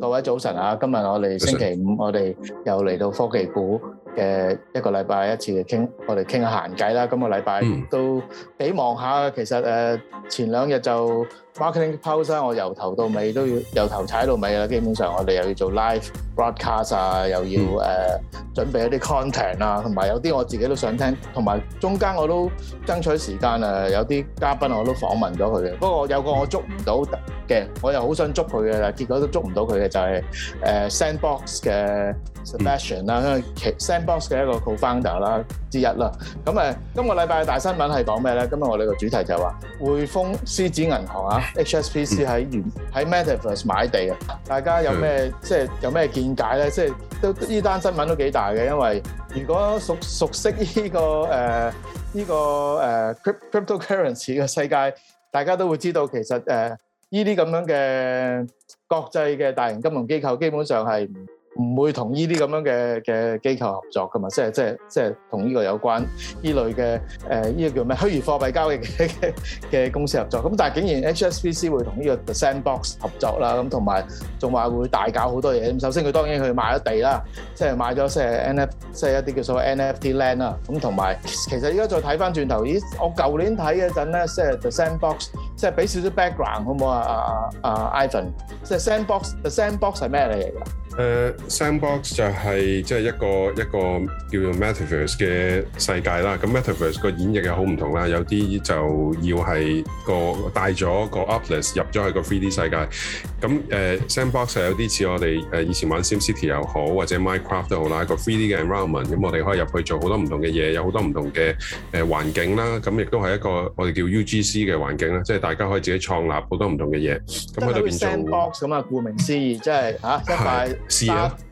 各位早晨啊！今日我哋星期五，我哋又嚟到科技估。誒、呃、一個禮拜一次嘅傾，我哋傾下閒偈啦。今個禮拜、嗯、都幾忙下其實誒、呃、前兩日就 marketing post、啊、我由頭到尾都要由頭踩到尾啦。基本上我哋又要做 live broadcast 啊，又要誒、嗯呃、準備一啲 content 啊，同埋有啲我自己都想聽，同埋中間我都爭取時間啊、呃，有啲嘉賓我都訪問咗佢嘅。不過有個我捉唔到嘅，我又好想捉佢嘅，但結果都捉唔到佢嘅就係、是、誒、呃、sandbox 嘅 Sebastien 啦、嗯，因為其 sandbox。Sand Box 嘅一個 co-founder 啦之一啦，咁誒今個禮拜嘅大新聞係講咩咧？今日我哋個主題就話匯豐、獅子銀行啊，HSBC 喺元喺 Metaverse 買地啊！大家有咩即係有咩見解咧？即係都依單新聞都幾大嘅，因為如果熟熟悉依個誒依個誒 cryptocurrency 嘅世界，大家都會知道其實誒依啲咁樣嘅國際嘅大型金融機構基本上係。唔會同依啲咁樣嘅嘅機構合作噶嘛，即係即係即係同依個有關依類嘅誒依個叫咩虛擬貨幣交易嘅嘅公司合作。咁但係竟然 HSBC 會同依個 The Sandbox 合作啦，咁同埋仲話會大搞好多嘢。咁首先佢當然佢買咗地啦，即係買咗即係 NFT，即係一啲叫做 NFT land 啦。咁同埋其實依家再睇翻轉頭，咦？我舊年睇嗰陣咧，即係 The Sandbox。即係俾少少 background 好唔好啊？啊啊，Ivan，即係 Sandbox。Sandbox 係咩嚟㗎？誒，Sandbox 就係即係一個一個叫做 Metaverse 嘅世界啦。咁 Metaverse 個演繹又好唔同啦。有啲就要係個帶咗個 uplet 入咗去個 3D 世界。咁誒，Sandbox 有啲似我哋誒以前玩 SimCity 又好，或者 Minecraft 都好啦，個 3D 嘅 environment。咁我哋可以入去做好多唔同嘅嘢，有好多唔同嘅誒環境啦。咁亦都係一個我哋叫 UGC 嘅環境啦，即係。大家可以自己創立多東西好多唔同嘅嘢，咁喺度變 sandbox 咁啊。顧名思義，即係嚇一塊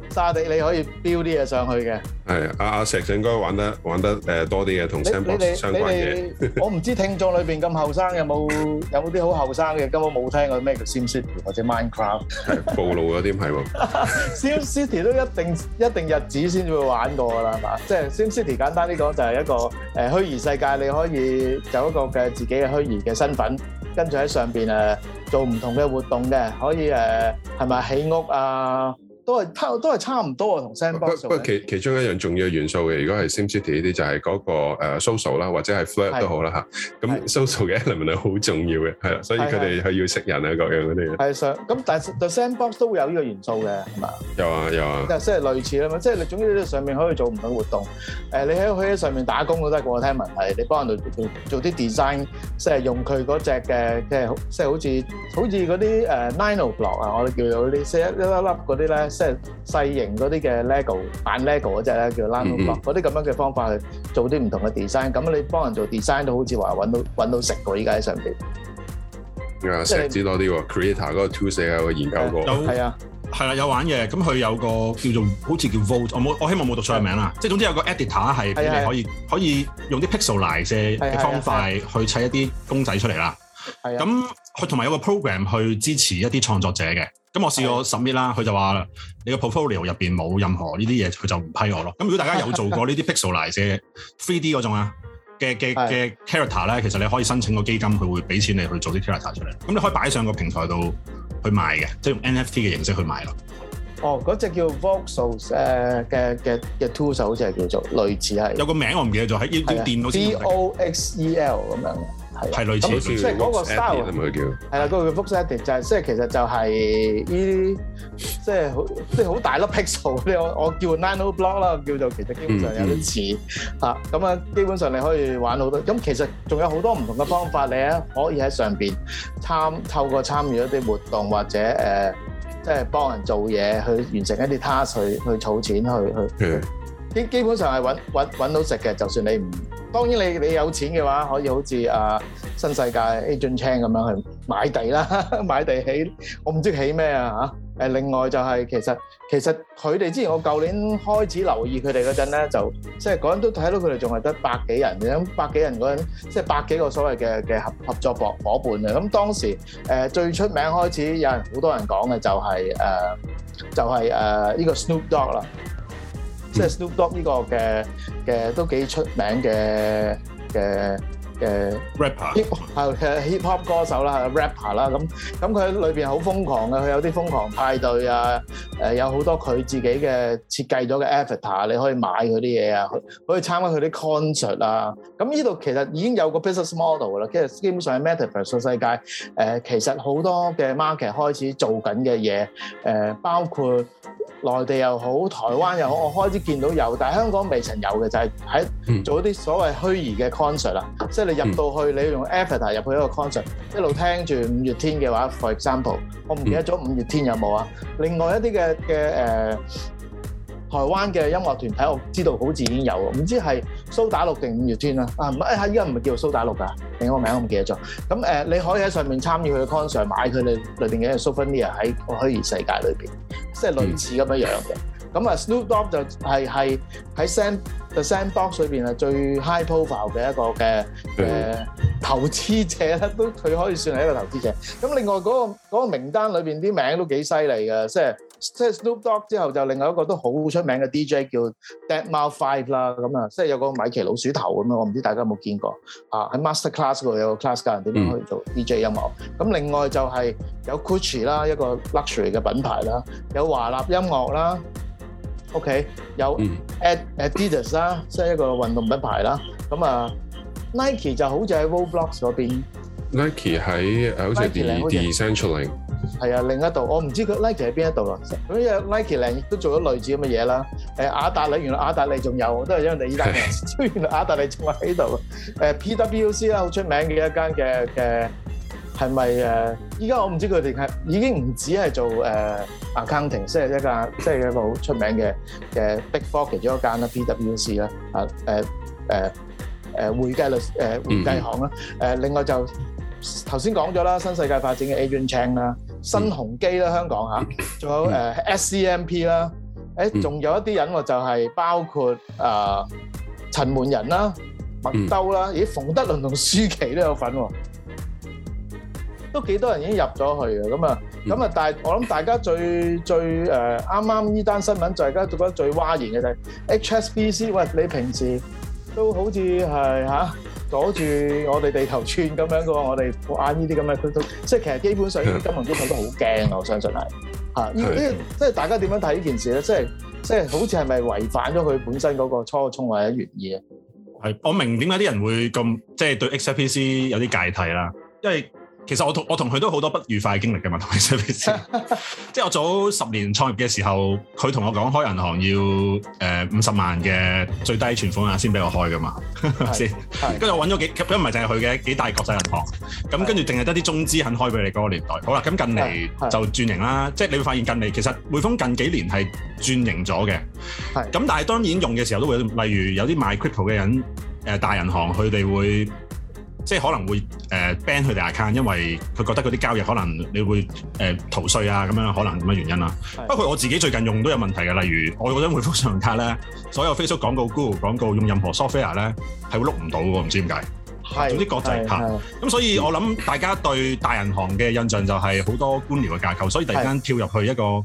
沙地是，啊你，你可以標啲嘢上去嘅，係阿阿石應該玩得玩得誒多啲嘅同 sandbox 相關嘅。我唔知聽眾裏邊咁後生有冇有冇啲好後生嘅，根本冇聽過咩叫 sim city 或者 minecraft。係暴露嗰啲係喎。sim city 都一定一定日子先至會玩過㗎啦，係 嘛？即係 sim city 簡單啲講就係一個誒、呃、虛擬世界，你可以有一個嘅自己嘅虛擬嘅身份。跟住喺上面、啊、做唔同嘅活動嘅，可以啊、係咪起屋啊？都係差都係差唔多啊，同 sandbox。不過，其其中一樣重要嘅元素嘅，如果係 SimCity 呢啲就係嗰個誒 social 啦，或者係 flat 都好啦嚇。咁 social 嘅 element 好重要嘅，係啦，所以佢哋係要識人啊各樣嗰啲。係上咁，但係 The Sandbox 都會有呢個元素嘅，係嘛？有啊有啊。即係類似啦嘛，即係你總之上面可以做唔同活動。誒，你喺佢喺上面打工都得嘅喎，聽聞係你幫人做做做啲 design，即係用佢嗰隻嘅即係即係好似好似嗰啲誒 nano block 啊，我哋叫做嗰啲一粒粒嗰啲咧。即係細型嗰啲嘅 lego，扮 lego 嗰隻咧叫 lando block，嗰啲咁樣嘅方法去做啲唔同嘅 design。咁你幫人做 design 都好似話揾到揾到食喎，依家喺上邊。啊，石子、嗯、多啲喎，creator 嗰個 tools 世有我研究過。有係啊，係啦、啊啊，有玩嘅。咁佢有個叫做好似叫 vote，我冇我希望冇讀錯名啦、啊。即係總之有一個 editor 係俾你可以、啊、可以用啲 pixel 嚟嘅方法去砌一啲公仔出嚟啦。咁佢同埋有一個 program 去支持一啲創作者嘅。咁我試過 submit 啦，佢就話啦你個 portfolio 入邊冇任何呢啲嘢，佢就唔批我咯。咁如果大家有做過呢啲 pixelize 嘅 three D 嗰種啊嘅嘅嘅 character 咧，其實你可以申請個基金，佢會俾錢你去做啲 character 出嚟。咁你可以擺上個平台度去賣嘅，即係用 NFT 嘅形式去賣咯。哦，嗰、那、隻、個、叫 voxel 嘅、呃、嘅嘅 two 手，好似係叫做類似係有個名我唔記得咗，喺要要電腦先。V、o x e l 咁樣。係、啊、類似，即係嗰個 style，係、啊、啦，嗰、那個 VoxEdit、啊啊那個啊、就係、是，即係其實就係、是、呢，即係好，即係好大粒 pixel 呢。我叫 block, 我叫 nano block 啦，叫做其實基本上有啲似、嗯嗯、啊。咁啊，基本上你可以玩好多。咁其實仲有好多唔同嘅方法你咧，可以喺上邊參透過參與一啲活動或者誒，即、呃、係、就是、幫人做嘢去完成一啲 task 去去儲錢去去。去基基本上係揾揾揾到食嘅，就算你唔，當然你你有錢嘅話，可以好似啊新世界 Adrian Cheng 咁樣去買地啦，買地起，我唔知起咩啊嚇。誒另外就係其實其實佢哋之前我舊年開始留意佢哋嗰陣咧，就即係嗰陣都睇到佢哋仲係得百幾人嘅，咁百幾人嗰陣即係百幾個所謂嘅嘅合合作夥夥伴嘅。咁當時誒最出名開始有人好多人講嘅就係誒就係誒呢個 Snoop Dogg 啦。即係 Snoop Dogg 呢個嘅嘅都幾出名嘅嘅。的嘅 rapper，hip hop 歌手啦，rapper 啦，咁咁佢喺裏邊好瘋狂嘅，佢有啲瘋狂派對啊，誒，有好多佢自己嘅設計咗嘅 avatar，你可以買佢啲嘢啊，可以參加佢啲 concert 啊，咁呢度其實已經有個 business model 啦，即係基本上 metaverse 世界，誒、呃，其實好多嘅 market 開始做緊嘅嘢，誒、呃，包括內地又好，台灣又好，我開始見到有，但係香港未曾有嘅就係、是、喺做一啲所謂虛擬嘅 concert 啦，即係。你入到去，你要用 Avatar 入去一個 concert，一路聽住五月天嘅話。For example，我唔記得咗五月天有冇啊？另外一啲嘅嘅誒，台灣嘅音樂團體我知道好似已經有，唔知係蘇打綠定五月天啦。啊，唔係，依家唔係叫蘇打綠㗎，名我名我唔記得咗。咁誒，你可以喺上面參與佢個 concert，買佢哋裏邊嘅 Souvenir 喺虛擬世界裏邊，即係類似咁樣樣嘅。咁啊，Snoop Dogg 就係係喺 Sand。The Sandbox 裏邊係最 high profile 嘅一個嘅誒投資者咧，都佢可以算係一個投資者。咁另外嗰個嗰個名單裏邊啲名都幾犀利嘅，即係即係 Snoop Dogg 之後就另外一個都好出名嘅 DJ 叫 Deadmau5 啦，咁啊，即係有個米奇老鼠頭咁樣，我唔知大家有冇見過啊？喺 Masterclass 嗰度有個 class 教人點樣去做 DJ 音樂。咁另外就係有 Gucci 啦，一個 luxury 嘅品牌啦，有華納音樂啦。OK，有 Ad Adidas 啦，即係一個運動品牌啦。咁啊，Nike 就好似喺 Roblox 嗰邊。Nike 喺好似 Decentraland？係啊，另一度。我唔知佢 Nike 喺邊一度咯。咁啊，Nike 呢亦都做咗類似咁嘅嘢啦。誒，阿達利，原來阿達利仲有，都係因為意大利人。原來阿達利仲喺度。誒，PwC 啦，好出名嘅一間嘅嘅。係咪誒，依家我唔知佢哋係已經唔止係做誒 accounting，即係一間，即係一個好出名嘅嘅 big four 其中一間啦，PwC 啦，啊誒誒誒會計律誒會計行啦。誒另外就頭先講咗啦，新世界發展嘅 Adrian Cheng 啦，新鴻基啦，香港嚇，仲有誒 SCMP 啦。誒仲有一啲人喎，就係包括啊陳奐仁啦、麥兜啦，咦？馮德倫同舒淇都有份喎。都幾多人已經入咗去啊。咁啊！咁啊，但係我諗大家最最誒啱啱呢單新聞，就大家覺得最嘩然嘅就係 HSBC。 HSBC，喂，你平時都好似係嚇阻住我哋地球村咁樣嘅我哋眼呢啲咁嘅，即係其實基本上啲金融機構都好驚啊。 我相信係嚇呢，即係大家點樣睇呢件事咧？即係即係好似係咪違反咗佢本身嗰個初衷或者原意啊？係我明白這些這、就是、點解啲人會咁即係對 HSBC 有啲芥蒂啦，因為。其實我同我同佢都好多不愉快嘅經歷嘅，唔同嘅，所 以即係我早十年創業嘅時候，佢同我講開銀行要誒五十萬嘅最低存款額先俾我開噶嘛，先，跟 住我揾咗幾，咁唔係淨係佢嘅幾大國際銀行，咁跟住淨係得啲中資肯開俾你嗰個年代。好啦，咁近嚟就轉型啦，即係你會發現近嚟其實匯豐近幾年係轉型咗嘅，咁但係當然用嘅時候都會，例如有啲買 Crypto 嘅人，大銀行佢哋會。即係可能會 ban 佢哋 account，因為佢覺得嗰啲交易可能你會誒、呃、逃稅啊咁樣，可能咁樣原因啦、啊？包括我自己最近用都有問題嘅，例如我嗰陣回覆信用卡咧，所有 Facebook 廣告、Google 廣告用任何 software 咧係會碌唔到嘅，唔知點解。係。總之國際卡。咁所以我諗大家對大銀行嘅印象就係好多官僚嘅架構，所以突然間跳入去一個。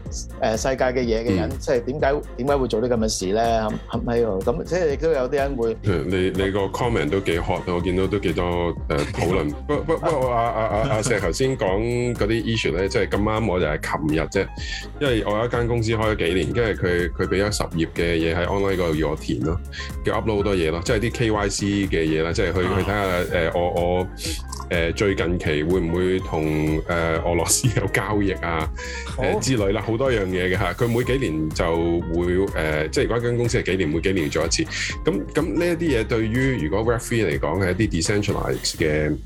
誒世界嘅嘢嘅人，即係點解點解會做啲咁嘅事咧？係咪喎，咁即係亦都有啲人會。你你個 comment 都幾 hot，我見到都幾多誒討論。不不不，阿阿阿阿石頭先講嗰啲 issue 咧，即係咁啱，我就係琴日啫，因為我有一間公司開咗幾年，跟住佢佢俾咗十頁嘅嘢喺 online 嗰度要我填咯，叫 upload 好多嘢咯，即係啲 KYC 嘅嘢啦，即係去去睇下誒我我。誒最近期會唔會同俄羅斯有交易啊？誒之類啦，好、oh. 多樣嘢嘅嚇。佢每幾年就會誒，即係如果一間公司係幾年，每幾年做一次。咁咁呢一啲嘢，對於如果 Web Three 嚟講係一啲 decentralized 嘅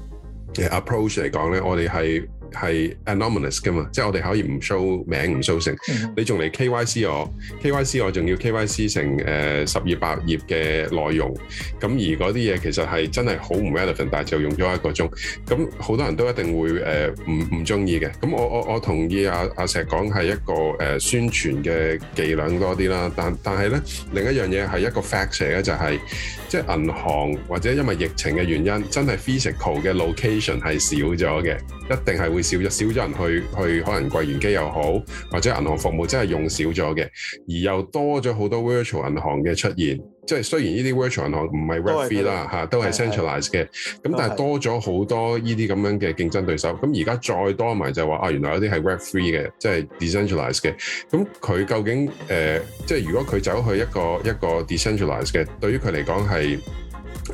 嘅 approach 嚟講咧，我哋係。係 anonymous 㗎嘛？即係我哋可以唔 show 名，唔 show 姓，你仲嚟 KYC 我，KYC 我仲要 KYC 成誒十頁百頁嘅內容。咁而嗰啲嘢其實係真係好唔 relevant，但係就用咗一個鐘。咁好多人都一定會誒唔唔中意嘅。咁我我我同意阿阿石講係一個誒宣傳嘅伎倆多啲啦。但但係咧另一樣嘢係一個 factor 咧，就係即係銀行或者因為疫情嘅原因，真係 physical 嘅 location 係少咗嘅，一定係會。少咗少咗人去去可能櫃員機又好，或者銀行服務真係用少咗嘅，而又多咗好多 virtual 銀行嘅出現，即係雖然呢啲 virtual 銀行唔係 web free 是啦吓都係 centralized 嘅，咁但係多咗好多呢啲咁樣嘅競爭對手。咁而家再多埋就話啊，原來有啲係 web free 嘅，就是呃，即係 decentralized 嘅。咁佢究竟誒即係如果佢走去一個一個 decentralized 嘅，對於佢嚟講係。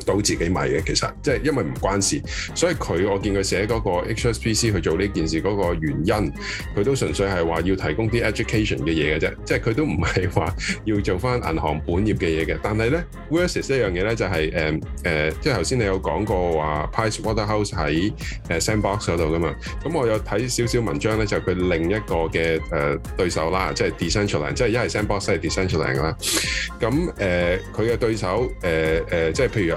到自己買嘅，其實即係因為唔關事，所以佢我見佢寫嗰個 HSBC 去做呢件事嗰、嗰個原因，佢都純粹係話要提供啲 education 嘅嘢嘅啫，即係佢都唔係話要做翻銀行本業嘅嘢嘅。但係咧 versus 一樣嘢咧就係、是呃呃、即係頭先你有講過話 PriceWaterhouse 喺 sandbox 嗰度㗎嘛？咁我有睇少少文章咧，就佢、是、另一個嘅誒對手啦，即係 Decentraland，即係一係 sandbox，一係 Decentraland 啦。咁誒佢嘅對手、呃呃、即係譬如。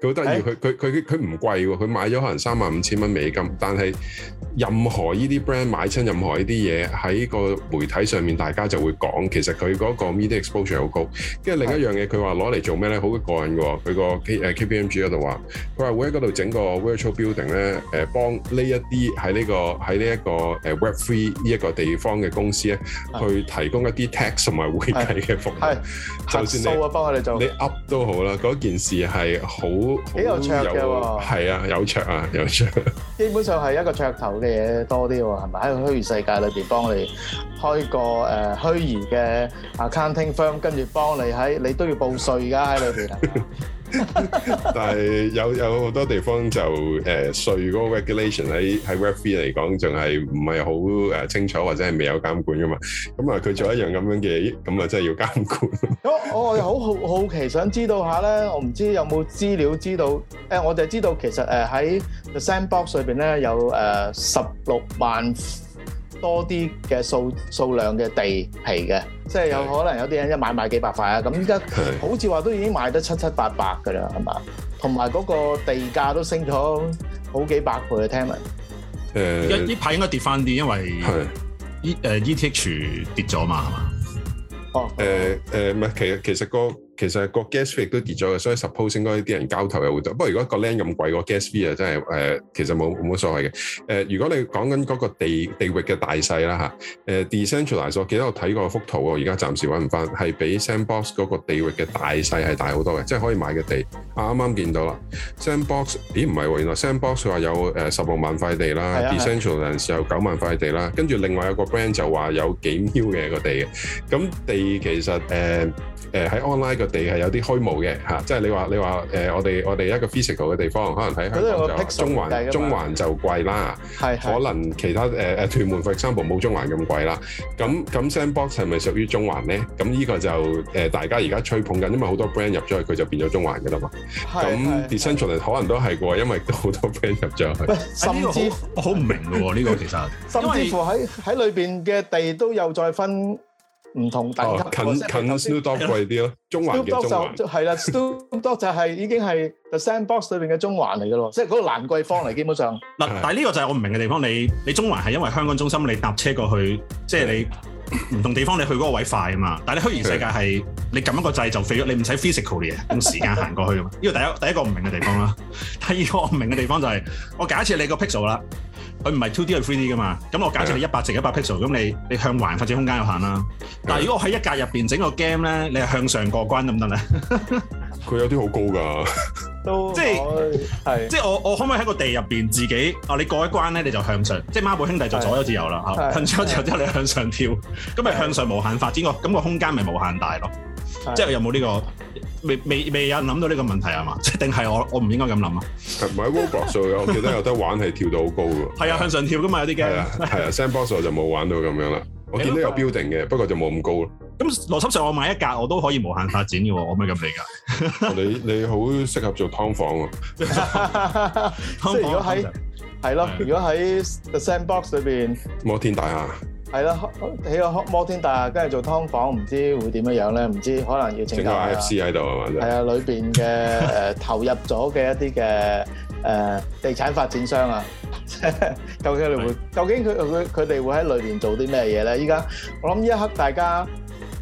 佢好得意，佢佢佢佢唔貴喎，佢買咗可能三萬五千蚊美金。但係任何呢啲 brand 買親任何呢啲嘢，喺個媒體上面大家就會講，其實佢嗰個 media exposure 好高。跟住另一樣嘢，佢話攞嚟做咩咧？好鬼過癮嘅喎，佢個 K 誒、啊、KPMG 嗰度話，佢話會喺嗰度整個 virtual building 咧，誒幫呢一啲喺呢個喺呢一個誒 Web Three 呢一個地方嘅公司咧、欸，去提供一啲 tax 同埋會計嘅服務，係、欸，就算你幫我哋做，你 up 都好啦。嗰、嗯、件事係好。幾有噱嘅喎？係啊、哦，有噱啊，有噱。基本上係一個噱頭嘅嘢多啲喎，係咪？喺個虛擬世界裏面幫你開個誒、呃、虛擬嘅 accounting firm，跟住幫你喺你都要報稅㗎喺裏邊。係 但係有有好多地方就誒稅嗰個 regulation 喺，喺 Web3 嚟講仲係唔係好誒清楚，或者係未有監管噶嘛咁啊佢做一樣咁樣嘅嘢，咁啊真係要監管。 我我好好好奇想知道下咧，我唔知有冇資料知道？誒、呃，我哋知道其實誒喺、呃、the sandbox 裏邊咧，有誒十六萬。多啲嘅數數量嘅地皮嘅，即係有可能有啲人一買買幾百塊啊，咁依家好似話都已經賣得七七八八㗎喇，係嘛？同埋嗰個地價都升咗好幾百倍啊，聽聞。誒，依依排應該跌翻啲，因為依誒 ETH 跌咗嘛，係嘛？哦，誒誒，唔係，其實其實個。其實個 gas fee 亦都跌咗嘅，所以 suppose 應該啲人交投又會多。不過如果個 land 咁貴，個 gas fee 真係、呃、其實冇冇乜所謂嘅、呃。如果你講緊嗰個地地域嘅大細啦嚇，decentralize，我記得我睇過幅圖喎，而家暫時揾唔翻，係比 sandbox 嗰個地域嘅大細係大好多嘅，即係可以買嘅地。啊，啱啱見到啦，sandbox，咦唔係喎，原來 sandbox 佢話有誒十六萬塊地啦，decentralize 有九萬塊地啦，跟住另外有個 brand 就話有幾秒嘅個地嘅。咁地其實誒喺、呃呃、online 地係有啲虛無嘅嚇，即係你話你話誒、呃，我哋我哋一個 physical 嘅地方，可能喺香港就中環，Pixel，中環中環就貴啦，可能其他誒誒、呃、屯門 for example 冇中環咁貴啦。咁咁 Sandbox 係咪屬於中環咧？咁呢個就誒、呃、大家而家吹捧緊，因為好多 brand 入咗去，佢就變咗中環嘅啦嘛。咁 Decentral 可能都係喎，因為都好多 brand 入咗去。甚至、啊這個、我好唔明嘅喎、啊，呢個其實，甚至乎喺喺裏邊嘅地都有再分。唔同等級，近近 Studio 貴啲咯，中環嘅中環，係啦，Studio 就係已經係 The Sandbox 裏邊嘅中環嚟嘅咯，即係嗰個蘭桂坊嚟，基本上。嗱，但係呢個就係我唔明嘅地方，你你中環係因為香港中心，你搭車過去，即係你唔同地方你去嗰個位快啊嘛。但係你虛擬世界係你撳一個掣就飛咗，你唔使 physical 嘅嘢，用時間行過去啊嘛。呢個第一第一個唔明嘅地方啦。第二個我唔明嘅地方就係，我假設你個 pixel 啦。佢唔係 two D 係 three D 噶嘛，咁我假設100你一百乘一百 pixel，咁你你向橫發展空間有限啦。但係如果我喺一格入邊整個 game 咧，你係向上過關得唔得咧？佢 有啲好高噶、啊，都 即係係即係我我可唔可以喺個地入邊自己啊？你過一關咧，你就向上，即係孖寶兄弟就左右自由啦嚇，向左自由之後你向上跳，咁咪向上無限發展個，咁個空間咪無限大咯。即係有冇呢、呢個未未未有諗到呢個問題係嘛？定係我我唔應該咁諗啊？係唔係 Roblox 嘅？我記得有得玩係跳到好高㗎。係 啊，向上跳㗎嘛，有啲驚啊。係啊 ，sandbox 我就冇玩到咁樣啦。我見到有 building 嘅，不過就冇咁高咯。咁邏輯上我買一格我都可以無限發展嘅喎，我咪咁理㗎。你你好適合做劏房喎。即 係 劏房 如果喺係咯， 如果喺在 sandbox 裏邊，摩天大廈。係咯，起個摩天大廈，跟住做劏房，唔知會點樣咧？唔知可能要增加 IFC 喺度啊嘛，係啊，裏邊嘅誒投入咗嘅一啲嘅誒地產發展商啊，究竟你會，究竟佢佢佢哋會喺裏邊做啲咩嘢咧？依家我諗依一刻大家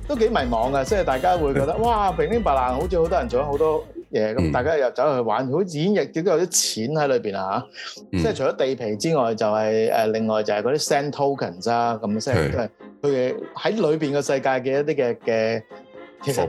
都幾迷茫嘅，即係大家會覺得哇，平平白爛，好似好多人做咗好多。咁、yeah, 嗯、大家又走去玩，好演亦亦都有啲錢喺裏面。啊、嗯、即係除咗地皮之外、就係，就、啊、係另外就係嗰啲 sand tokens 啊，咁即係佢喺裏面嘅世界嘅一啲嘅嘅，其實。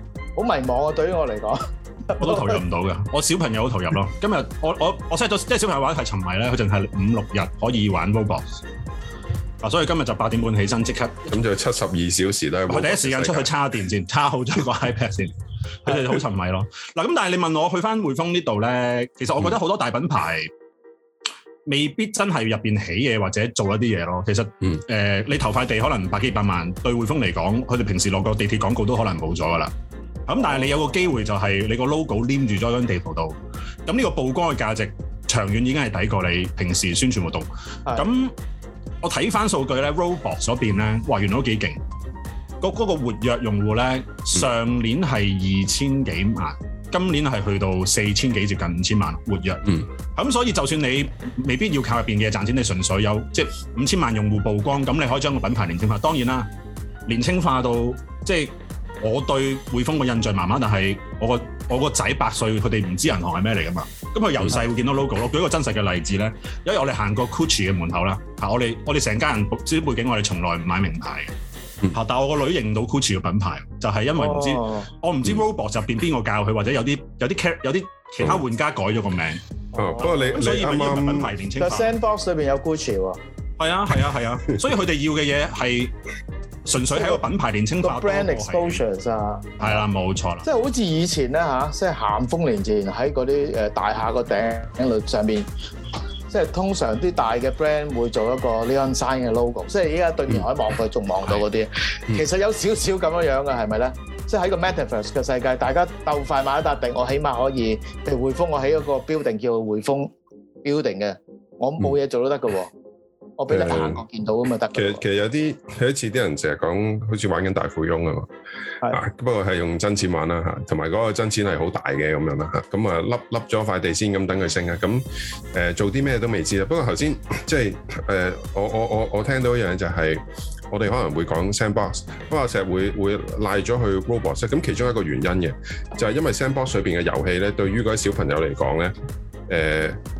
好迷茫啊！對於我嚟講，啊、 我都投入唔到㗎。我小朋友好投入咯。今日我我我即係小朋友玩係沉迷咧。佢淨係五六日可以玩 Roblox。所以今日就八點半起身，即刻咁就七十二小時都係我第一時間出去叉電先，叉好咗個 iPad 先。佢哋好 就沉迷咯。嗱，咁但係你問我去返匯豐呢度咧，其實我覺得好多大品牌未必真係入面起嘢或者做一啲嘢咯。其實，嗯、 呃，你投塊地可能百幾百萬，對匯豐嚟講，佢哋平時落個地鐵廣告都可能冇咗㗎喇。咁但係你有個機會，就係你個 logo 黏住咗張地圖度，咁呢個曝光嘅價值長遠已經係抵過你平時宣傳活動。咁我睇翻數據咧，Roblox 嗰邊咧，哇，原來都幾勁。個嗰、嗰個活躍用戶咧，嗯、上年係二千幾萬，今年係去到四千幾接近五千萬活躍。咁、嗯、所以就算你未必要靠入邊嘅賺錢，你純粹有即係五千萬用戶曝光，咁你可以將個品牌年輕化。當然啦，年輕化到即係、就是我對匯豐嘅印象麻麻，但係我個我個仔八歲，佢哋唔知銀行係咩嚟噶嘛。咁佢由細會見到 logo 咯。舉一個真實嘅例子咧，因為我哋行過 GUCCI 嘅門口啦。嚇，我哋我哋成家人，知背景我哋從來唔買名牌嘅。嚇、嗯，但係我個女認到 GUCCI 嘅品牌，就係、是、因為唔知、哦、我唔知 Robo 入邊邊個教佢，或者有啲有啲有啲其他玩家改咗個名。哦，不過你所以是品牌是清裡面有是啊，但係 sandbox 裏邊有 GUCCI 喎。係啊，係啊，係啊，所以佢哋要嘅嘢係。純粹係一個品牌年輕化嘅方式，個 brand exposure 啊，係啦，冇錯啦。即係好似以前咧嚇，即係鹹豐年前喺嗰啲誒大廈個頂頂度上邊，即係通常啲大嘅 brand 會做一個 neon sign 嘅 logo。即係依家對面海望過去仲望到嗰啲，其實有少少咁樣樣嘅係咪咧？即係喺個 metaverse 嘅世界，大家鬥快買一笪地，我起碼可以，譬如匯豐，我起一個 building 叫匯豐 building 嘅，我冇嘢做都得㗎喎。我俾你睇，我見到咁嘛，得嘅、嗯。其實其實有啲，好似啲人成日講，好似玩緊大富翁啊嘛。啊，不過係用真錢玩啦嚇，同埋嗰個真錢係好大嘅咁樣啦嚇。咁啊，笠笠咗塊地先，咁等佢升啊。咁、呃、做啲咩都未知啦。不過頭先即係、呃、我我我我聽到一樣嘢就係、是，我哋可能會講 sandbox 不過成日會會賴咗去 robots 咁其中一個原因嘅，就係、是、因為 sandbox 裏面嘅遊戲咧，對於嗰啲小朋友嚟講咧，呃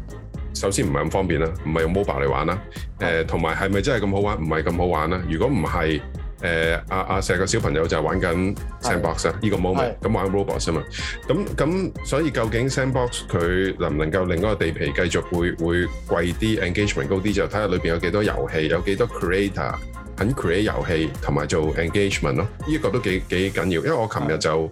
首先唔係咁方便啦，唔係用 mobile 嚟玩啦，誒同埋係咪真係咁好玩？唔係咁好玩啦。如果唔係，誒阿阿石個小朋友就係玩緊 sandbox 呢個 moment，咁玩 roblox 啊嘛。咁咁所以究竟 sandbox 佢能唔能夠令嗰個地皮繼續會會貴啲，engagement 高啲就睇下裏面有幾多遊戲，有幾多 creator 肯 create 遊戲同埋做 engagement 咯。呢、呢個都幾幾緊要，因為我琴日就。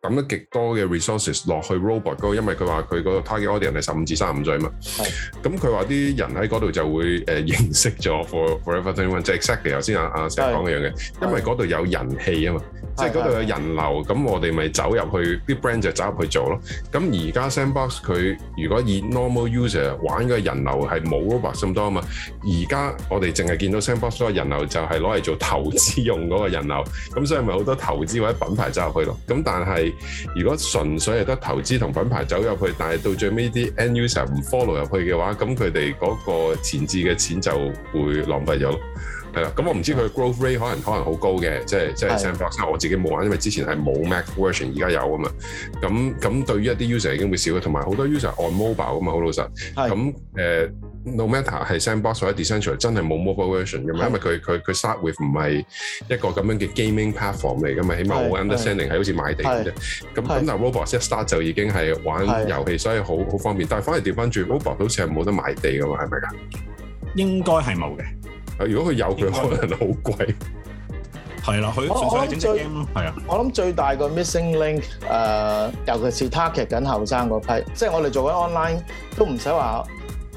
抌得極多嘅 resources 落去 robot 嗰個，因為佢話，佢嗰個 target audience 係十五至三十五歲啊嘛。咁佢話啲人喺嗰度就會誒認識咗 for forever twenty one，即係 exactly 頭先阿阿成講嘅樣嘅。因為嗰度、呃 for，啊啊、有人氣啊嘛，即係嗰度有人流，咁我哋咪走入去啲 brand 就，就走入去做咯。咁而家 sandbox 佢如果以 normal user 玩嘅人流係冇 robot 咁多啊嘛。而家我哋淨係見到 sandbox 嗰個人流就係攞嚟做投資用嗰個人流，咁 所以咪好多投資或者品牌走入去咯。咁但係，如果純粹係得投資同品牌走入去，但係到最尾啲 end user 唔 follow 入去嘅話，咁佢哋嗰個前置嘅錢就會浪費咗，係啦。咁我唔知佢嘅 growth rate 可能可能好高嘅，即係即係 Sandbox。我自己冇玩，因為之前係冇 mac version，而家有啊嘛。咁咁對於一啲 user 已經會少嘅，同埋好多 user on mobile 啊嘛，好老實。咁 No matter 係 Sandbox 或者 decentral，真係冇 mobile version 嘅嘛？因為佢佢佢 start with 唔係一個咁樣嘅 gaming platform 嚟嘅嘛，起碼我 understanding 係好似買地咁啫。咁咁但 Roblox start 就已經係玩遊戲，所以好好方便。但係反而調翻轉 Roblox 好似係冇得買地㗎嘛？係咪㗎？應該係冇嘅。如果佢有佢，佢可能好貴。係啦，佢我我諗最係啊！我諗最，最大個 missing link 誒、呃，尤其是 target 緊後生嗰批， 即係我哋做緊 online 都唔使話。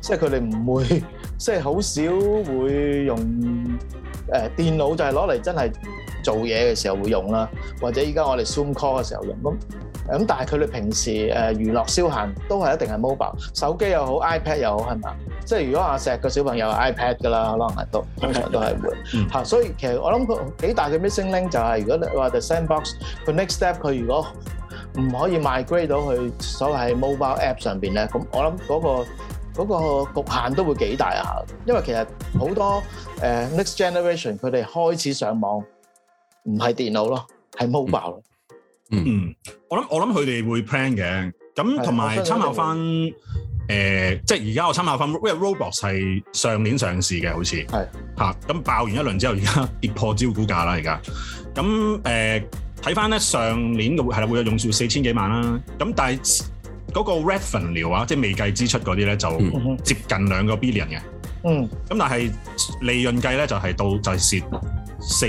即係佢哋唔會，即係好少會用誒電腦，就係攞嚟真係做嘢嘅時候會用啦，或者依家我哋 Zoom call 嘅時候用。咁咁但係佢哋平時誒娛樂消閒都係一定係 mobile 手機又好 iPad 又好係嘛？即係如果阿石個小朋友係 iPad 㗎啦，可能係都通常都係會嚇。所以其實我諗幾大嘅 missing link 就係，如果你話 The Sandbox 佢 next step 佢如果唔可以 migrate 到去所謂係 mobile app 上邊咧，咁我諗嗰個。嗰、那個局限都會幾大下，因為其實好多誒、呃、next generation 佢哋開始上網唔係電腦咯，係 mobile 咯、嗯。嗯，我諗我諗佢哋會 plan 嘅。咁同埋參考翻誒、呃，即係而家我參考翻，因為 Roblox 係上年上市嘅，好似係吓。咁、啊、爆完一輪之後，而家跌破招股價啦，而家咁誒睇翻咧上年嘅係啦，每日融資四千幾萬啦。咁但係嗰、那個 revenue 啊，即係未計支出嗰啲咧，就接近兩個 billion 嘅。嗯。咁但係利潤計咧，就係到就係四四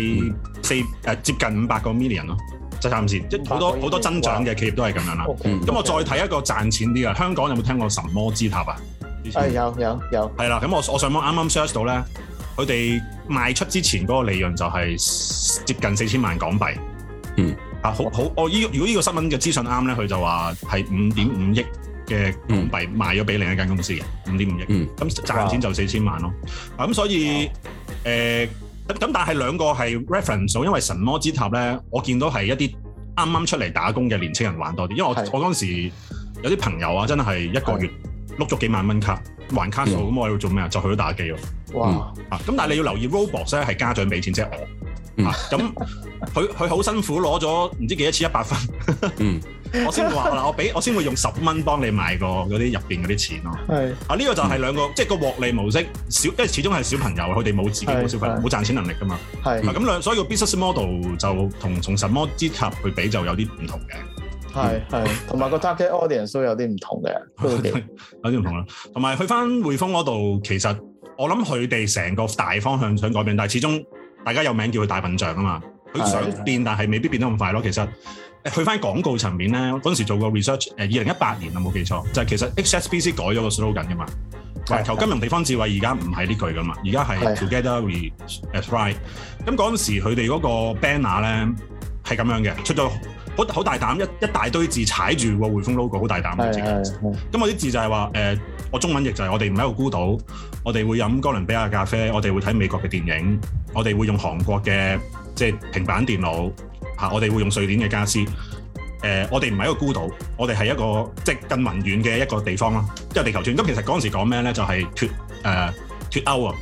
四誒接近五百個 million 咯。就暫時，即係好多好多增長嘅企業都係咁樣啦。咁、嗯、我再睇一個賺錢啲啊，香港有冇聽過神魔之塔啊？誒有有有。係啦，咁我我上網啱啱 search 到咧，佢哋賣出之前嗰個利潤就係接近四千萬港幣。嗯。啊，好好，我、哦、依如果呢個新聞嘅資訊啱咧，佢就話係五點五億嘅港幣賣咗俾另一間公司嘅，五點五億，咁、嗯、賺錢就四千、嗯、萬咯。咁所以，誒、嗯，咁、呃、但係兩個係 reference 因為神魔之塔咧，我見到係一啲啱啱出嚟打工嘅年青人玩多啲，因為我我嗰陣時有啲朋友啊，真係一個月碌咗幾萬蚊卡，還卡數，咁、嗯、我要做咩啊？就去咗打機咯。哇！啊，咁但係你要留意 robot 咧，係家長俾錢啫，即係、我。咁佢佢好辛苦攞咗唔知幾多錢一百分，哈哈，嗯，我，我先會話，嗱，我俾我先會用十蚊幫你買個嗰啲入邊嗰啲錢咯，係啊呢、呢個就係兩個、嗯、即係個獲利模式小，因為始終係小朋友，佢哋冇自己冇消費冇賺錢能力噶嘛，係，咁兩所以個 business model 就同從什麼資產去比就有啲唔同嘅，係係、嗯，同埋個 target audience 有都有啲唔同嘅，有啲唔同啦，同埋去翻匯豐嗰度，其實我諗佢哋成個大方向想改變，但係始終。大家有名叫佢大笨象啊嘛，佢想變，但係未必變得咁快咯。其實誒，去翻廣告層面咧，嗰陣時做過 research，誒二零一八年啊冇記錯，就係、其實 HSBC 改咗個 slogan 嘅嘛，環球金融地方智慧，而家唔係呢句嘅嘛，而家係 together we thrive。咁嗰陣時佢哋嗰個 banner 咧係咁樣嘅，出咗。好好大膽一一大堆字踩住個匯豐 logo，好大膽嘅字。咁我啲字就係話、呃、我中文譯就係我哋唔係一個孤島，我哋會飲哥倫比亞咖啡，我哋會睇美國嘅電影，我哋會用韓國嘅即係平板電腦、啊、我哋會用瑞典嘅傢俬。呃、我哋唔係一個孤島，我哋係一個即係、就是、近文遠嘅一個地方啦，即、就、係、是、地球村。咁其實嗰陣時講咩咧，就係脱誒脱歐啊。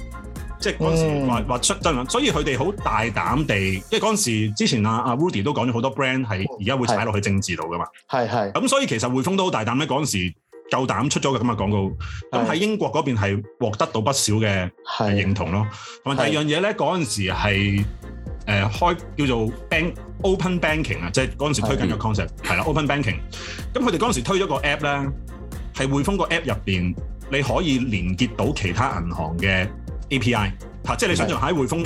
即係嗰時話話出真，所以佢哋好大膽地，因為嗰陣時之前啊啊 Rudy 都講咗好多 brand 係而家會踩落去政治度噶嘛，係、哦、係。咁所以其實匯豐都好大膽咧，嗰陣時夠膽出咗嘅咁嘅廣告。咁喺英國嗰邊係獲得到不少嘅認同咯。同埋第二樣嘢咧，嗰陣時係誒開叫做 bank open banking 啊，即係嗰陣時推緊個 concept 係啦 open banking。咁佢哋嗰陣時推咗個 app 咧，係匯豐個 app 入邊，你可以連結到其他銀行嘅。API 嚇，即係你想象，喺匯豐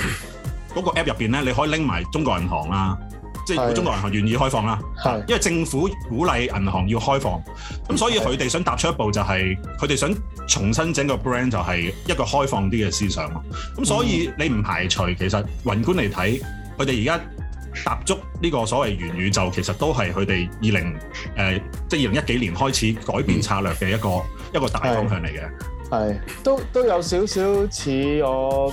嗰個 app 入邊咧，你可以拎埋中國銀行啦、啊,即係中國銀行願意開放啦、啊，因為政府鼓勵銀行要開放，咁所以佢哋想踏出一步就係、是，佢哋想重新整個 brand 就係一個開放啲嘅思想咯。咁所以你唔排除其實宏觀嚟睇，佢哋而家踏足呢個所謂元宇宙，其實都係佢哋二零誒即係二零一幾年開始改變策略嘅一個的一個大方向嚟嘅。係，都都有少少似我誒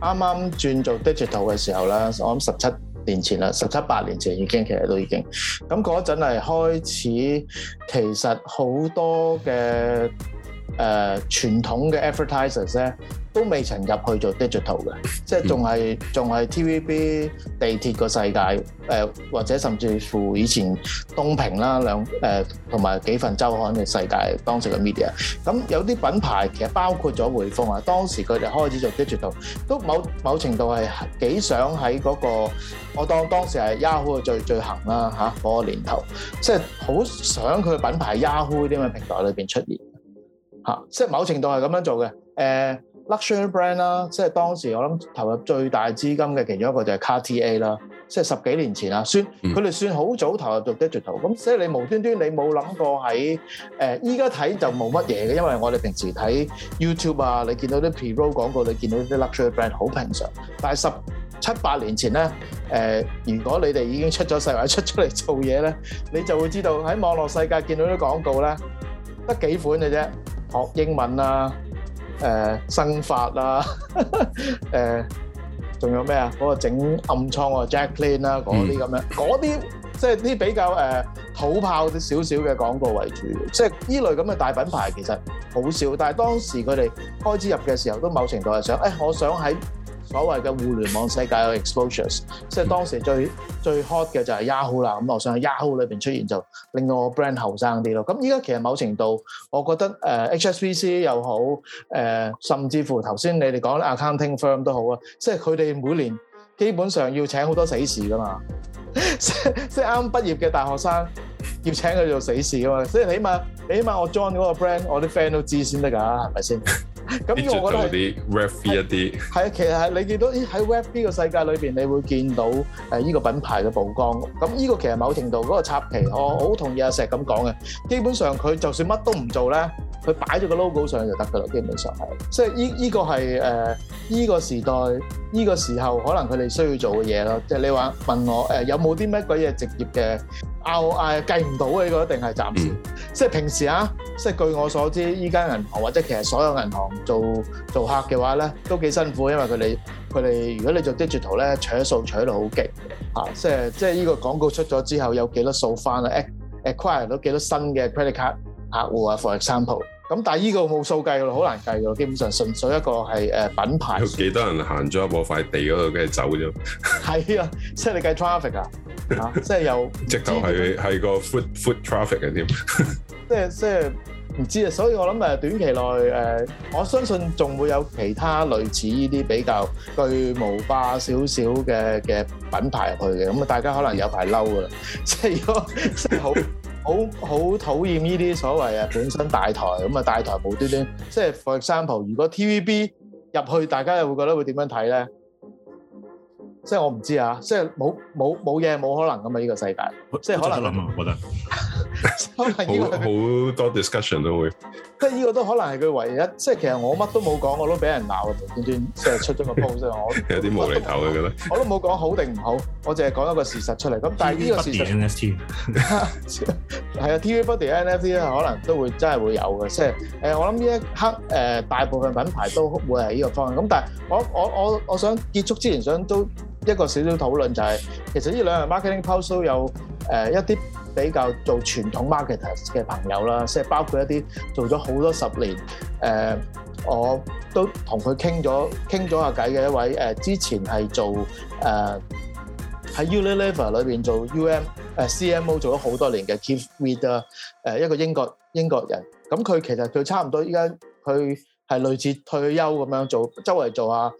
啱啱轉做 digital 嘅時候啦，我諗十七年前啦，十七八年前已經，其實都已經咁嗰陣係開始，其實好多嘅。誒、呃、傳統嘅 advertisers 咧，都未曾入去做 digital 嘅，即係仲係仲係 TVB 地鐵個世界，誒、呃、或者甚至乎以前東平啦兩誒，同、呃、埋幾份周刊嘅世界當時嘅 media。咁有啲品牌其實包括咗匯豐啊，當時佢哋開始做 digital，都某某程度係幾想喺嗰、那個我當當時係 Yahoo 嘅最最行啦嚇嗰個年頭，即係好想佢嘅品牌 Yahoo 啲咁嘅平台裏邊出現。吓，即係某程度係咁樣做嘅。誒 luxury brand 啦，即係當時我諗投入最大資金嘅其中一個就係 Cartier 啦，即係十幾年前啊，算佢哋、嗯、算好早投入做 digital。咁所以你無端端你冇諗過喺誒依家睇就冇乜嘢嘅，因為我哋平時睇 YouTube 啊，你見到啲 pre-roll 廣告，你見到啲 luxury brand 好平常。但係十七八年前咧，誒、呃、如果你哋已經出咗世或者出咗嚟做嘢咧，你就會知道喺網絡世界見到啲廣告咧，得幾款嘅啫。學英文啦，誒生髮啦，誒仲有咩啊？嗰、呃啊呃嗰個整暗瘡啊，Jacklin 啦，嗰啲咁樣，嗰啲即係啲比較誒、呃、土炮啲少少嘅廣告為主。即係呢類咁嘅大品牌其實好少，但係當時佢哋開始入嘅時候，都某程度係想，誒、欸、我想喺。所謂嘅互聯網世界嘅 exposures，即係當時最最 hot 嘅就係 Yahoo 啦，咁我想喺 Yahoo 裏邊出現就令到我 brand 後生啲咯。咁依家其實某程度，我覺得誒 HSBC 又好，誒甚至乎頭先你哋講 accounting firm 都好啊，即係佢哋每年基本上要請好多死士㗎嘛，即係啱畢業嘅大學生。要請佢做死事啊嘛，所以起碼起碼我 join 嗰個 brand，我啲 friend 都知先得㗎，係咪先？咁我覺得啲 refi 一啲係，其實係你見到喺 refi 個世界裏邊，你會見到誒依個品牌嘅曝光。咁依個其實某程度嗰個插旗，我好同意阿石咁講嘅。基本上佢就算乜都唔做咧，佢擺咗個 logo 上去就得㗎啦。基本上係，所以依依個係誒依個時代依個時候可能佢哋需要做嘅嘢咯。即係你話問我誒有冇啲咩鬼嘢職業嘅 out 啊？計唔到嘅，呢、這個一定係暫時、嗯、時。即係平時啊，即係據我所知，依間銀行或者其實所有銀行做做客嘅話咧，都幾辛苦，因為佢哋佢哋如果你做 digital 咧，取數取到好勁嚇。即係即係依個廣告出咗之後，有幾多數翻啊？Acquire 到幾多新嘅 credit card 客戶啊？For example，咁但係依個冇數計㗎咯，好難計㗎咯。基本上純粹一個係誒、呃、品牌。幾多人行咗一個，塊地嗰度跟住走啫？係 啊，即係你計 traffic 啊？嚇、啊！即係又 直頭係係個 f o o t foot traffic 嘅點 ？即係即係唔知啊！所以我諗誒短期內誒、呃，我相信仲會有其他類似呢啲比較巨無霸少少嘅嘅品牌入去嘅。咁啊，大家可能有排嬲㗎喇。即係如果即係好好好討厭呢啲所謂啊，本身大台咁啊、嗯，大台無端端即係 for example，如果 TVB 入去，大家又會覺得會點樣睇咧？即係我唔知啊！即係冇冇冇嘢，冇可能咁啊！呢個世界即係冇得諗啊！我覺得可能好好多 discussion 都會即係呢個都可能係佢唯一。即係其實我乜都冇講，我都俾人鬧啊！點點即係出咗個 post，我有啲無厘頭嘅咩？我都冇講好定唔好，我淨係講一個事實出嚟。咁但係呢個事實，TVBuddy NFT 係啊，TVBuddy NFT 係可能都會真係會有嘅。即係誒，我諗呢一刻誒，大部分品牌都會係呢個方向。咁但係我我我我想結束之前想都。一個少少討論就係、是，其實呢兩位 marketing post 都有誒、呃、一啲比較做傳統 marketers 嘅朋友啦，即係包括一啲做咗好多十年誒、呃，我都同佢傾咗傾咗下偈嘅一位誒、呃，之前係做誒喺、呃、Unilever 裏邊做 UM 誒、呃、CMO 做咗好多年嘅 Keith With 啊、呃，誒一個英國英國人，咁佢其實佢差唔多依家佢。係類似退休咁樣做，周圍做下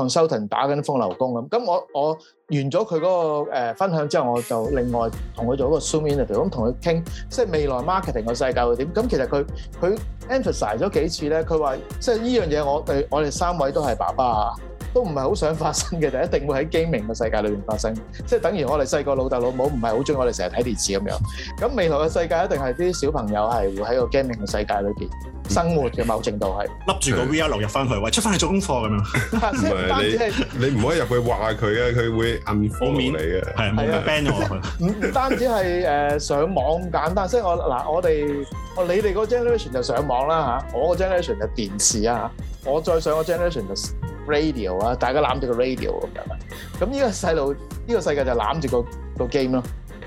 consultant，打緊風流工咁。咁我我完咗佢嗰個、呃、分享之後，我就另外同佢做一個 Zoom interview 咁、嗯、同佢傾，即係未來 marketing 個世界會點。咁其實佢佢 emphasize 咗幾次咧，佢話即係呢樣嘢，我我哋三位都係爸爸啊。都唔係好想發生嘅，就一定會喺 gaming 嘅世界裏邊發生，即係等於我哋細個老豆老母唔係好中意我哋成日睇電視咁樣。咁未來嘅世界一定係啲小朋友係會喺個 gaming 嘅世界裏邊生活嘅，某程度係。笠住個 VR 落入翻去，喂出翻去做功課咁樣。唔係你唔可以入去話下佢啊，佢會暗面敷你嘅，係啊，ban 咗落去。唔唔單止係誒上網咁簡單，即係我嗱我哋我你哋嗰 generation 就上網啦嚇，我個 generation 就電視啊嚇，我再上個 generation 就。radio 啊，大家攬住個 radio 咁樣，咁依個細路呢個世界就攬住個個 game 咯，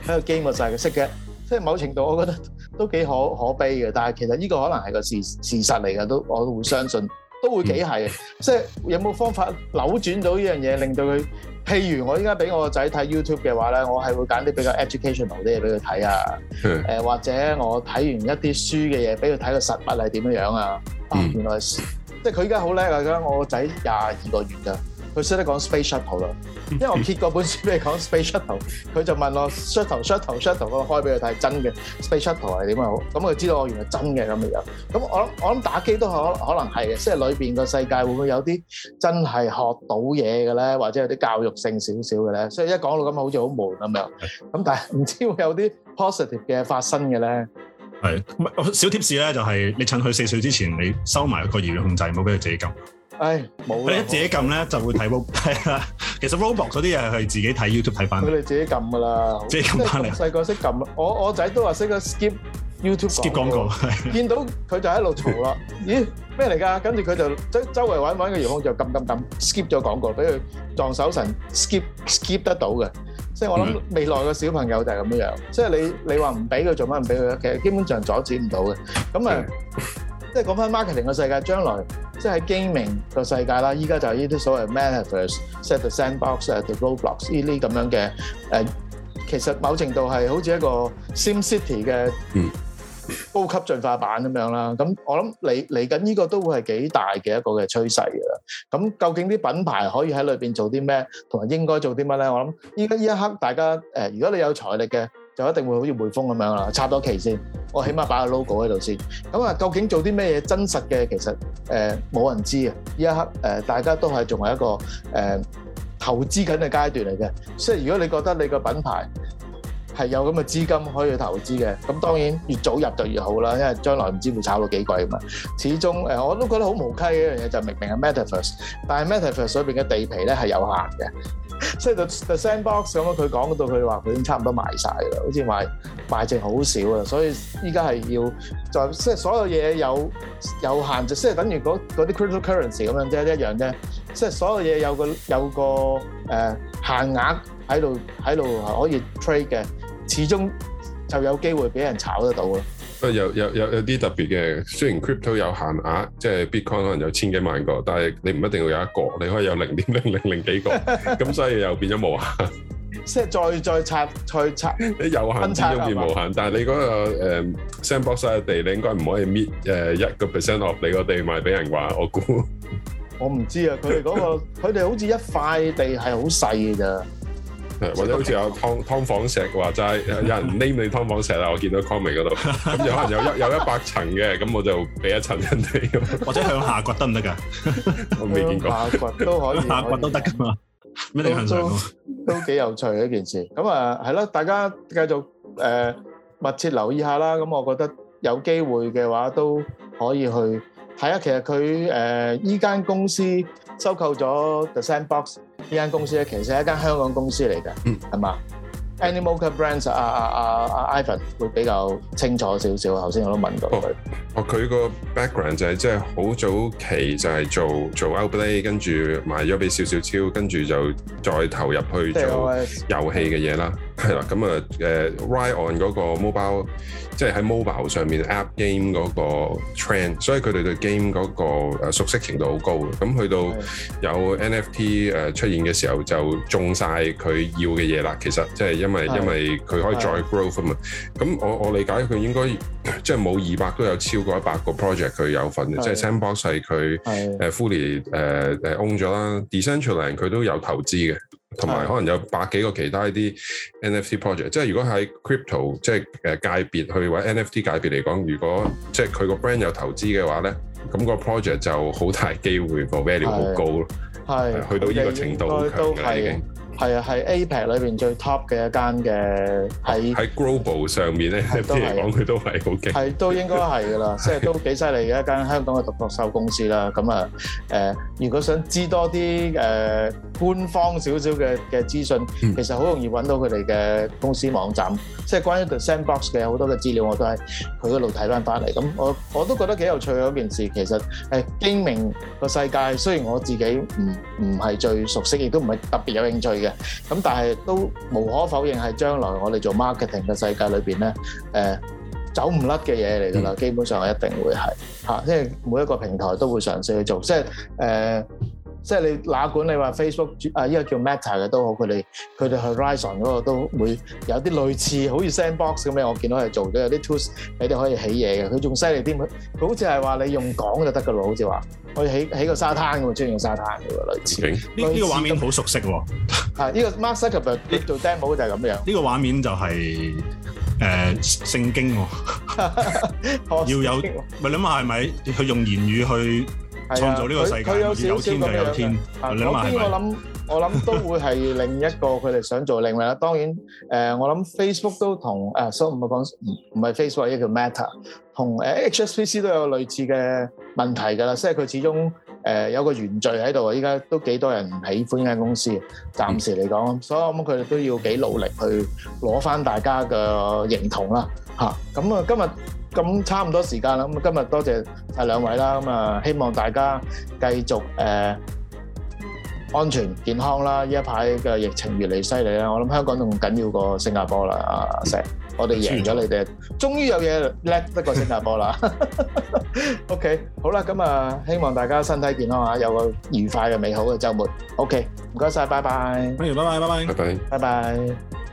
喺個 game 就係佢識嘅，所以某程度我覺得都幾可可悲嘅。但係其實依個可能係個事事實嚟嘅，都我都會相信，都會幾係。即係有冇方法扭轉到依樣嘢，令到佢？譬如我依家俾我個仔睇 YouTube 嘅話咧，我係會揀啲比較 educational 啲嘢俾佢睇啊。誒或者我睇完一啲書嘅嘢，俾佢睇個實物係點樣樣啊？啊原來。即係佢而家好叻啊！而家我個仔廿二個月㗎，佢識得講 space shuttle 啦。因為我揭過本書俾你講 space shuttle，佢就問我 shuttle shuttle shuttle，我開俾佢睇，真嘅 space shuttle 係點樣好？咁佢知道我原來真嘅咁嘅樣。咁我我諗打機都可可能係嘅，即係裏邊個世界會唔會有啲真係學到嘢嘅咧，或者有啲教育性少少嘅咧？所以一講到咁，好似好悶咁樣。咁但係唔知會有啲 positive 嘅發生嘅咧。係，唔係小貼士咧，就係你趁佢四歲之前，你收埋個遙控掣，唔好俾佢自己撳。唉，冇。你一自己撳咧就會睇到，係啊。其實 robot 嗰啲嘢係自己睇 YouTube 睇翻。佢哋自己撳噶啦，自己撳翻嚟。細個識撳，我我仔都話識得 skip YouTube，skip 廣告，見到佢就喺度嘈啦。咦，咩嚟㗎？跟住佢就周周圍玩玩個遙控就撳撳撳，skip 咗廣告俾佢撞手神，skip skip 得到嘅。即係我諗未來個小朋友就係咁樣樣，即係你你話唔俾佢做乜，唔俾佢，其實基本上阻止唔到嘅。咁啊，即係講翻 marketing 個世界，將來即係喺 gaming 個世界啦。依家就依啲所謂 manifest set The Sandbox 啊，the roadblocks 依啲咁樣嘅誒，其實某程度係好似一個 SimCity 嘅。高級進化版咁樣啦，咁我諗嚟嚟緊呢個都會係幾大嘅一個嘅趨勢嘅啦。咁究竟啲品牌可以喺裏邊做啲咩，同埋應該做啲乜咧？我諗依家依一刻，大家誒、呃，如果你有財力嘅，就一定會好似匯豐咁樣啦，插多旗先，我起碼擺個 logo 喺度先。咁啊，究竟做啲咩嘢真實嘅？其實誒、冇、呃、人知嘅。依一刻誒、呃，大家都係仲係一個誒、呃、投資緊嘅階段嚟嘅。即係如果你覺得你個品牌，係有咁嘅資金可以去投資嘅，咁當然越早入就越好啦，因為將來唔知會炒到幾貴啊嘛。始終誒，我都覺得好無稽嘅一樣嘢就明明係 Metaverse，但係 Metaverse 裏邊嘅地皮咧係有限嘅，即係就 The Sandbox 咁樣，佢講到佢話佢已經差唔多賣晒啦，好似賣賣剩好少啦，所以依家係要就即係所有嘢有有限，即係等於嗰啲 cryptocurrency 咁樣即係一樣啫，即係所有嘢有個有個誒限額喺度喺度可以 trade 嘅。始終就有機會俾人炒得到咯。啊，有有有有啲特別嘅，雖然 crypto 有限額，即係 Bitcoin 可能有千幾萬個，但係你唔一定要有一個，你可以有零點零零零幾個，咁 所以又變咗無限。即 係再再拆再拆，有限之中變無限，但係你嗰、嗰個、uh, Sandbox 嘅地，你應該唔可以搣誒一個 percent of 你個地賣俾人話，我估。我唔知啊，佢嗰、嗰個佢哋 好似一塊地係好細㗎咋。或者好似有湯湯房石話齋，有人 name 你湯房石啦，我見到 comment 嗰度，咁就可能有一有一百層嘅，咁我就俾一層人哋。或者向下掘得唔得㗎？我未見過。向下掘都可以，向下掘都得㗎嘛。乜嘢向上？都幾有趣嘅一件事。咁啊，係咯，大家繼續誒密切留意下啦。咁我覺得有機會嘅話，都可以去睇下。其實佢誒依間公司收購咗 The Sandbox。呢間公司咧其實係一間香港公司嚟嘅，係、嗯、嘛、yeah.？Animoca Brands 啊、uh, 啊、uh, 啊、uh, 啊，Ivan 會比較清楚少少，頭先我都問過佢。哦、oh, oh, 就是，佢個 background 就係即係好早期就係做做 Outblaze 跟住賣咗俾小小超，跟住就再投入去做遊戲嘅嘢啦。係啦，咁啊誒，ride on 嗰個 mobile，即係喺 mobile 上面 app game 嗰個 trend，所以佢哋對 game 嗰個誒熟悉程度好高嘅。咁去到有 NFT 誒出現嘅時候，就中曬佢要嘅嘢啦。其實即係因為因為佢可以再 growth 啊嘛。咁我我理解佢應該即係冇二百都有超過一百個 project 佢有份嘅，即係 Sandbox 係佢誒 fully 誒誒 own 咗啦，Decentraland 佢都有投資嘅。同埋可能有百幾個其他啲 NFT project，即係如果喺 crypto 即係界別去或者 NFT 界別嚟講，如果即係佢個 brand 有投資嘅話咧，咁個 project 就好大機會個 value 好高咯，係去到呢個程度好強嘅已經。係啊，係 APEC 裏邊最 top 嘅一間嘅喺喺 Global 上面咧，都如講佢都係好勁，係都應該係㗎啦， 即係都幾犀利嘅一間香港嘅獨角獸公司啦。咁啊誒，如果想知多啲誒、呃、官方少少嘅嘅資訊，其實好容易揾到佢哋嘅公司網站。嗯、即係關於 The Sandbox 嘅好多嘅資料，我都係佢度睇翻翻嚟。咁我我都覺得幾有趣嗰件事，其實誒經、欸、明個世界雖然我自己唔唔係最熟悉，亦都唔係特別有興趣嘅。咁但係都無可否認，係將來我哋做 marketing 嘅世界裏邊咧，誒走唔甩嘅嘢嚟噶啦，基本上係一定會係吓，即、嗯、係、啊、每一個平台都會嘗試去做，即係誒。呃即係你哪管你話 Facebook 啊，依個叫 Meta 嘅都好，佢哋佢哋去 Horizon 嗰個都會有啲類似，好似 Sandbox 咁樣，我見到佢做咗都有啲 tools，你哋可以起嘢嘅。佢仲犀利啲，佢佢好似係話你用講就得嘅咯，好似話可以起起個沙灘嘅喎，中意用沙灘嘅喎，類似。呢呢個畫面好熟悉喎。啊，呢個 Mark Zuckerberg 你做 demo 就係咁樣。呢個畫面就係誒聖經喎，要有咪你諗下係咪去用言語去？係啊，創造呢個世界，佢佢有少少咁樣。講邊我諗，我諗都會係另一個佢哋想做另外啦。當然，誒我諗 Facebook 都同誒，所以我唔係講唔唔係 Facebook，依叫 Meta，同誒 HSBC 都有類似嘅問題㗎啦。即係佢始終誒有個原罪喺度，依家都幾多人唔喜歡間公司。暫時嚟講，所以我諗佢哋都要幾努力去攞返大家嘅認同啦。嚇，咁啊，今日。咁差唔多時間啦，咁今日多謝晒兩位啦，咁啊希望大家繼續誒安全健康啦，呢一排嘅疫情越嚟越犀利啦，我諗香港仲緊要過新加坡啦，成我哋贏咗你哋，終於有嘢叻得過新加坡啦。OK，好啦，咁啊希望大家身體健康啊，有個愉快嘅美好嘅週末。OK，唔該曬，拜拜。好，拜拜，拜拜。拜拜，拜拜。